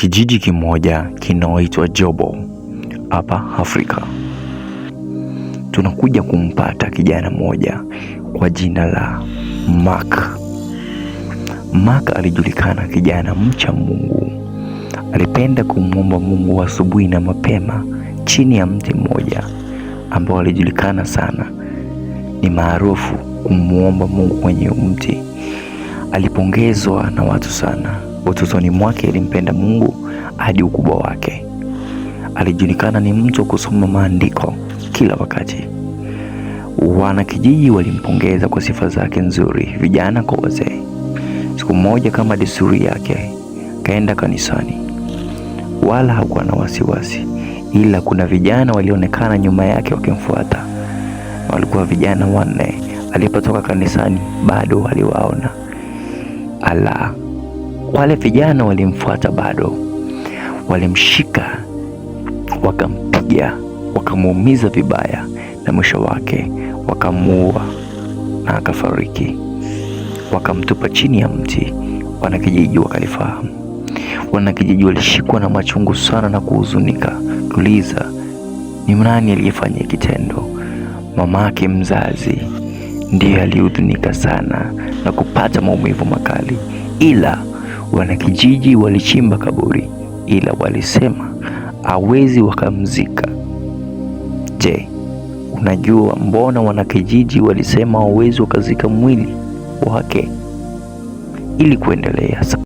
kijiji kimoja kinaoitwa Jobo hapa Afrika. Tunakuja kumpata kijana mmoja kwa jina la Mark. Mark alijulikana kijana mcha Mungu, alipenda kumwomba Mungu asubuhi na mapema chini ya mti mmoja ambao alijulikana sana, ni maarufu kumwomba Mungu kwenye mti. Alipongezwa na watu sana. Utotoni mwake alimpenda Mungu hadi ukubwa wake. Alijulikana ni mtu wa kusoma maandiko kila wakati. Wanakijiji walimpongeza kwa sifa zake nzuri, vijana kwa wazee. Siku moja, kama desturi yake, kaenda kanisani, wala hakuwa na wasiwasi, ila kuna vijana walionekana nyuma yake wakimfuata. Walikuwa vijana wanne. Alipotoka kanisani, bado waliwaona. Ala! Wale vijana walimfuata bado, walimshika wakampiga, wakamuumiza vibaya, na mwisho wake wakamuua na akafariki. Wakamtupa chini ya mti. Wanakijiji wakalifahamu. Wanakijiji walishikwa na machungu sana na kuhuzunika. tuliza ni nani aliyefanya kitendo. Mamake mzazi ndiye aliyehuzunika sana na kupata maumivu makali, ila Wanakijiji walichimba kaburi, ila walisema hawezi wakamzika. Je, unajua mbona wanakijiji walisema hawezi wakazika mwili wake? Ili kuendelea